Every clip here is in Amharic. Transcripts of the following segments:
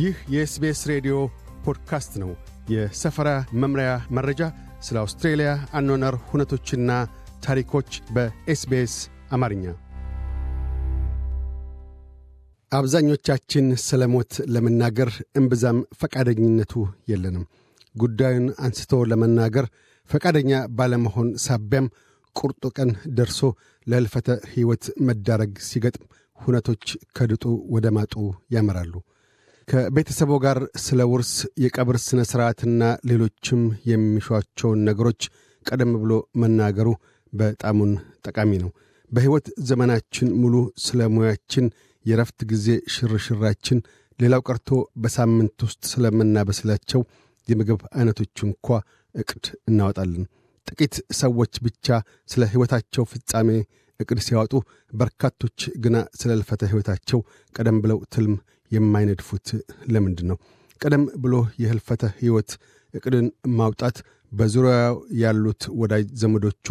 ይህ የኤስቤስ ሬዲዮ ፖድካስት ነው። የሰፈራ መምሪያ መረጃ፣ ስለ አውስትሬልያ አኗኗር ሁነቶችና ታሪኮች በኤስቤስ አማርኛ። አብዛኞቻችን ስለ ሞት ለመናገር እምብዛም ፈቃደኝነቱ የለንም። ጉዳዩን አንስቶ ለመናገር ፈቃደኛ ባለመሆን ሳቢያም ቁርጡ ቀን ደርሶ ለልፈተ ሕይወት መዳረግ ሲገጥም ሁነቶች ከድጡ ወደ ማጡ ያመራሉ። ከቤተሰቦ ጋር ስለ ውርስ፣ የቀብር ሥነ ሥርዓትና ሌሎችም የሚሿቸውን ነገሮች ቀደም ብሎ መናገሩ በጣሙን ጠቃሚ ነው። በሕይወት ዘመናችን ሙሉ ስለ ሙያችን፣ የረፍት ጊዜ ሽርሽራችን፣ ሌላው ቀርቶ በሳምንት ውስጥ ስለምናበስላቸው የምግብ ዐይነቶች እንኳ ዕቅድ እናወጣለን። ጥቂት ሰዎች ብቻ ስለ ሕይወታቸው ፍጻሜ እቅድ ሲያወጡ፣ በርካቶች ግና ስለ ልፈተ ሕይወታቸው ቀደም ብለው ትልም የማይነድፉት ለምንድን ነው? ቀደም ብሎ የህልፈተ ሕይወት እቅድን ማውጣት በዙሪያው ያሉት ወዳጅ ዘመዶቹ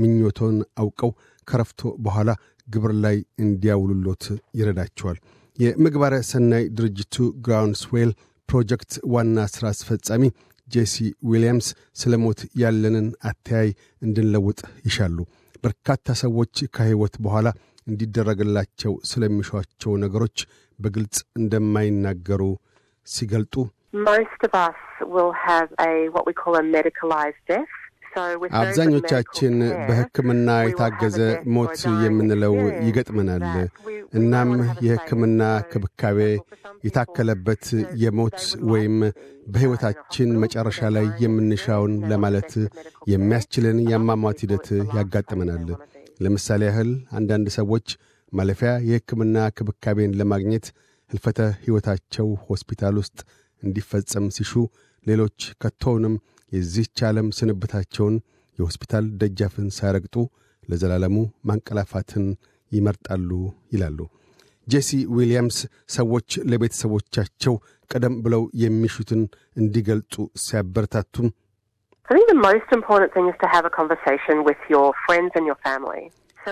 ምኞቶን አውቀው ከረፍቶ በኋላ ግብር ላይ እንዲያውሉሎት ይረዳቸዋል። የምግባረ ሰናይ ድርጅቱ ግራውንድስዌል ፕሮጀክት ዋና ሥራ አስፈጻሚ ጄሲ ዊልያምስ ስለ ሞት ያለንን አተያይ እንድንለውጥ ይሻሉ። በርካታ ሰዎች ከህይወት በኋላ እንዲደረግላቸው ስለሚሿቸው ነገሮች በግልጽ እንደማይናገሩ ሲገልጡ Most of us will have a what we call a medicalized death. አብዛኞቻችን በሕክምና የታገዘ ሞት የምንለው ይገጥመናል። እናም የሕክምና ክብካቤ የታከለበት የሞት ወይም በሕይወታችን መጨረሻ ላይ የምንሻውን ለማለት የሚያስችልን የአሟሟት ሂደት ያጋጥመናል። ለምሳሌ ያህል አንዳንድ ሰዎች ማለፊያ የሕክምና ክብካቤን ለማግኘት ሕልፈተ ሕይወታቸው ሆስፒታል ውስጥ እንዲፈጸም ሲሹ፣ ሌሎች ከቶውንም የዚህች ዓለም ስንብታቸውን የሆስፒታል ደጃፍን ሳያረግጡ ለዘላለሙ ማንቀላፋትን ይመርጣሉ ይላሉ ጄሲ ዊልያምስ ሰዎች ለቤተሰቦቻቸው ቀደም ብለው የሚሹትን እንዲገልጹ ሲያበረታቱም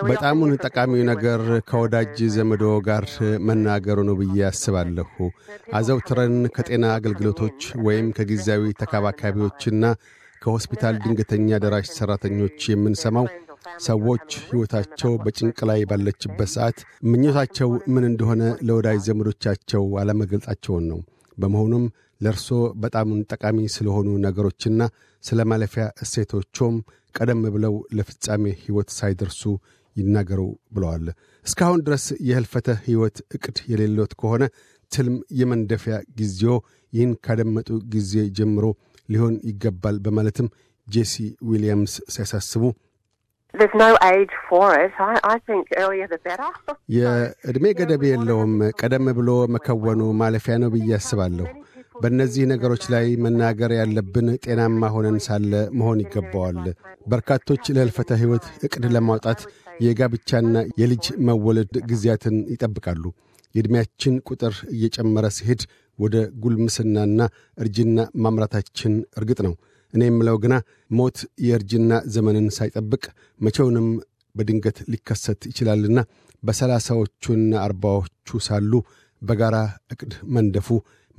በጣሙን ጠቃሚው ነገር ከወዳጅ ዘመዶ ጋር መናገሩ ነው ብዬ አስባለሁ። አዘውትረን ከጤና አገልግሎቶች ወይም ከጊዜያዊ ተከባካቢዎችና ከሆስፒታል ድንገተኛ ደራሽ ሠራተኞች የምንሰማው ሰዎች ሕይወታቸው በጭንቅ ላይ ባለችበት ሰዓት ምኞታቸው ምን እንደሆነ ለወዳጅ ዘመዶቻቸው አለመግለጻቸውን ነው። በመሆኑም ለእርሶ በጣም ጠቃሚ ስለሆኑ ነገሮችና ስለ ማለፊያ እሴቶቹም ቀደም ብለው ለፍጻሜ ሕይወት ሳይደርሱ ይናገሩ ብለዋል። እስካሁን ድረስ የህልፈተ ሕይወት ዕቅድ የሌሎት ከሆነ ትልም የመንደፊያ ጊዜዎ ይህን ካደመጡ ጊዜ ጀምሮ ሊሆን ይገባል በማለትም ጄሲ ዊልያምስ ሲያሳስቡ የዕድሜ ገደብ የለውም። ቀደም ብሎ መከወኑ ማለፊያ ነው ብዬ አስባለሁ። በእነዚህ ነገሮች ላይ መናገር ያለብን ጤናማ ሆነን ሳለ መሆን ይገባዋል። በርካቶች ለልፈተ ሕይወት ዕቅድ ለማውጣት የጋብቻና የልጅ መወለድ ጊዜያትን ይጠብቃሉ። የዕድሜያችን ቁጥር እየጨመረ ሲሄድ ወደ ጉልምስናና እርጅና ማምራታችን እርግጥ ነው። እኔ የምለው ግና ሞት የእርጅና ዘመንን ሳይጠብቅ መቼውንም በድንገት ሊከሰት ይችላልና በሰላሳዎቹና አርባዎቹ ሳሉ በጋራ ዕቅድ መንደፉ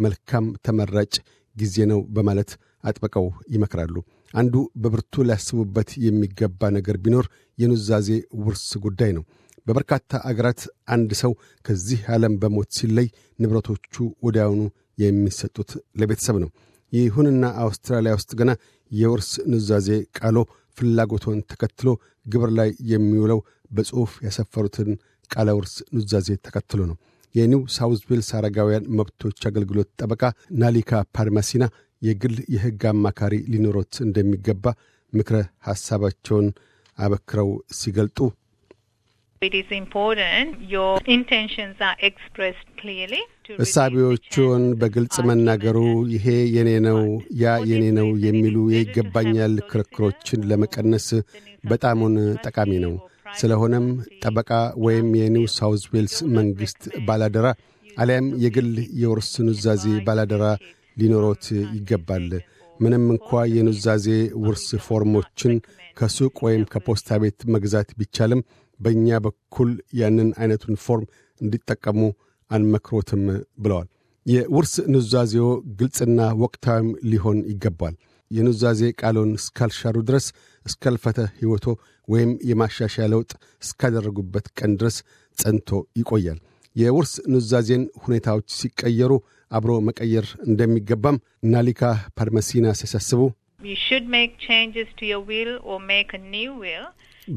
መልካም ተመራጭ ጊዜ ነው በማለት አጥብቀው ይመክራሉ። አንዱ በብርቱ ሊያስቡበት የሚገባ ነገር ቢኖር የኑዛዜ ውርስ ጉዳይ ነው። በበርካታ አገራት አንድ ሰው ከዚህ ዓለም በሞት ሲለይ ንብረቶቹ ወዲያውኑ የሚሰጡት ለቤተሰብ ነው። ይሁንና አውስትራሊያ ውስጥ ገና የውርስ ኑዛዜ ቃሎ ፍላጎቶን ተከትሎ ግብር ላይ የሚውለው በጽሑፍ ያሰፈሩትን ቃለ ውርስ ኑዛዜ ተከትሎ ነው። የኒው ሳውዝ ዌልስ አረጋውያን መብቶች አገልግሎት ጠበቃ ናሊካ ፓርማሲና የግል የሕግ አማካሪ ሊኖሮት እንደሚገባ ምክረ ሐሳባቸውን አበክረው ሲገልጡ እሳቢዎቹን በግልጽ መናገሩ ይሄ የኔ ነው ያ የኔ ነው የሚሉ የይገባኛል ክርክሮችን ለመቀነስ በጣሙን ጠቃሚ ነው። ስለሆነም ጠበቃ ወይም የኒው ሳውዝ ዌልስ መንግሥት ባላደራ አሊያም የግል የውርስ ኑዛዜ ባላደራ ሊኖሮት ይገባል። ምንም እንኳ የኑዛዜ ውርስ ፎርሞችን ከሱቅ ወይም ከፖስታ ቤት መግዛት ቢቻልም በእኛ በኩል ያንን ዐይነቱን ፎርም እንዲጠቀሙ አንመክሮትም ብለዋል። የውርስ ኑዛዜዎ ግልጽና ወቅታዊም ሊሆን ይገባል። የኑዛዜ ቃሎን እስካልሻሩ ድረስ እስከልፈተ ሕይወቶ ወይም የማሻሻያ ለውጥ እስካደረጉበት ቀን ድረስ ጸንቶ ይቆያል። የውርስ ኑዛዜን ሁኔታዎች ሲቀየሩ አብሮ መቀየር እንደሚገባም ናሊካ ፓርመሲና ሲያሳስቡ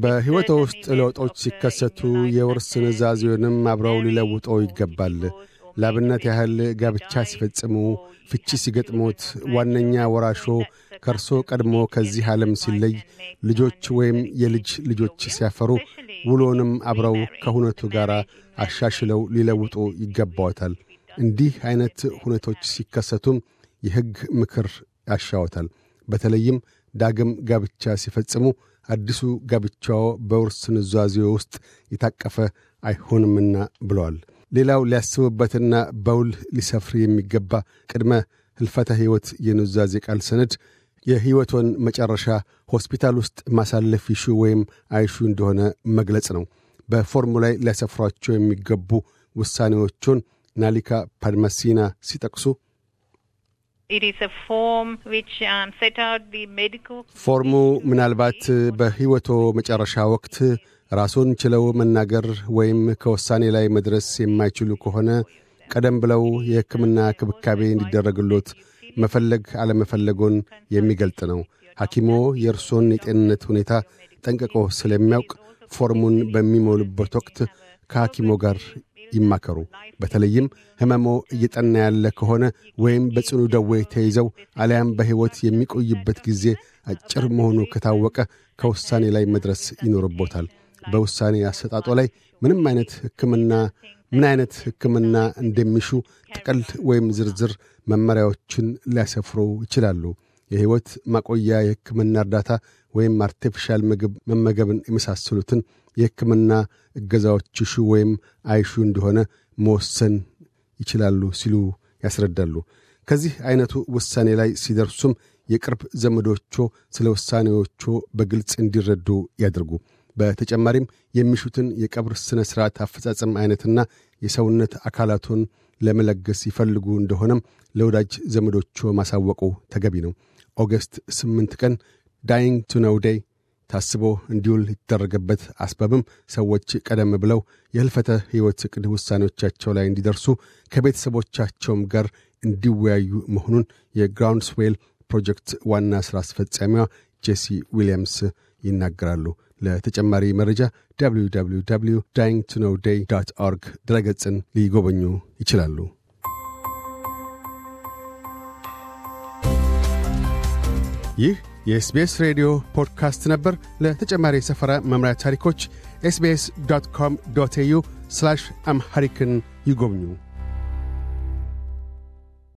በሕይወቶ ውስጥ ለውጦች ሲከሰቱ የውርስ ኑዛዜውንም አብረው ሊለውጦ ይገባል። ላብነት ያህል ጋብቻ ሲፈጽሙ፣ ፍቺ ሲገጥሙት ዋነኛ ወራሾ ከእርሶ ቀድሞ ከዚህ ዓለም ሲለይ ልጆች ወይም የልጅ ልጆች ሲያፈሩ ውሎንም አብረው ከሁነቱ ጋር አሻሽለው ሊለውጡ ይገባዎታል። እንዲህ ዐይነት ሁነቶች ሲከሰቱም የሕግ ምክር ያሻዎታል። በተለይም ዳግም ጋብቻ ሲፈጽሙ አዲሱ ጋብቻው በውርስ ኑዛዜዎ ውስጥ የታቀፈ አይሆንምና ብለዋል። ሌላው ሊያስቡበትና በውል ሊሰፍር የሚገባ ቅድመ ሕልፈተ ሕይወት የኑዛዜ ቃል ሰነድ የሕይወቶን መጨረሻ ሆስፒታል ውስጥ ማሳለፍ ይሹ ወይም አይሹ እንደሆነ መግለጽ ነው። በፎርሙ ላይ ሊያሰፍሯቸው የሚገቡ ውሳኔዎቹን ናሊካ ፓድማሲና ሲጠቅሱ um, ፎርሙ ምናልባት በሕይወቶ መጨረሻ ወቅት ራሱን ችለው መናገር ወይም ከውሳኔ ላይ መድረስ የማይችሉ ከሆነ ቀደም ብለው የሕክምና ክብካቤ እንዲደረግሎት መፈለግ አለመፈለጎን የሚገልጥ ነው። ሐኪሞ የእርሶን የጤንነት ሁኔታ ጠንቅቆ ስለሚያውቅ ፎርሙን በሚሞሉበት ወቅት ከሐኪሞ ጋር ይማከሩ። በተለይም ሕመሞ እየጠና ያለ ከሆነ ወይም በጽኑ ደዌ ተይዘው አሊያም በሕይወት የሚቆይበት ጊዜ አጭር መሆኑ ከታወቀ ከውሳኔ ላይ መድረስ ይኖርቦታል። በውሳኔ አሰጣጦ ላይ ምንም አይነት ሕክምና ምን አይነት ህክምና እንደሚሹ ጥቅል ወይም ዝርዝር መመሪያዎችን ሊያሰፍሩ ይችላሉ። የህይወት ማቆያ የህክምና እርዳታ ወይም አርቲፊሻል ምግብ መመገብን የመሳሰሉትን የህክምና እገዛዎች ሹ ወይም አይሹ እንደሆነ መወሰን ይችላሉ ሲሉ ያስረዳሉ። ከዚህ አይነቱ ውሳኔ ላይ ሲደርሱም የቅርብ ዘመዶቹ ስለ ውሳኔዎቾ በግልጽ እንዲረዱ ያድርጉ። በተጨማሪም የሚሹትን የቀብር ሥነ ሥርዓት አፈጻጸም ዐይነትና የሰውነት አካላቱን ለመለገስ ይፈልጉ እንደሆነም ለወዳጅ ዘመዶቹ ማሳወቁ ተገቢ ነው። ኦገስት 8 ቀን ዳይንግ ነው ዴይ ታስቦ እንዲውል የተደረገበት አስበብም ሰዎች ቀደም ብለው የህልፈተ ሕይወት ቅድ ውሳኔዎቻቸው ላይ እንዲደርሱ ከቤተሰቦቻቸውም ጋር እንዲወያዩ መሆኑን የግራውንድስዌል ፕሮጀክት ዋና ሥራ አስፈጻሚዋ ጄሲ ዊልያምስ ይናገራሉ። ለተጨማሪ መረጃ www ዳይንግ ቱ ኖው ዴይ ኦርግ ድረገጽን ሊጎበኙ ይችላሉ። ይህ የኤስቤስ ሬዲዮ ፖድካስት ነበር። ለተጨማሪ የሰፈራ መምሪያ ታሪኮች ኤስቤስ ኮም ዶት ኤዩ አምሐሪክን ይጎብኙ።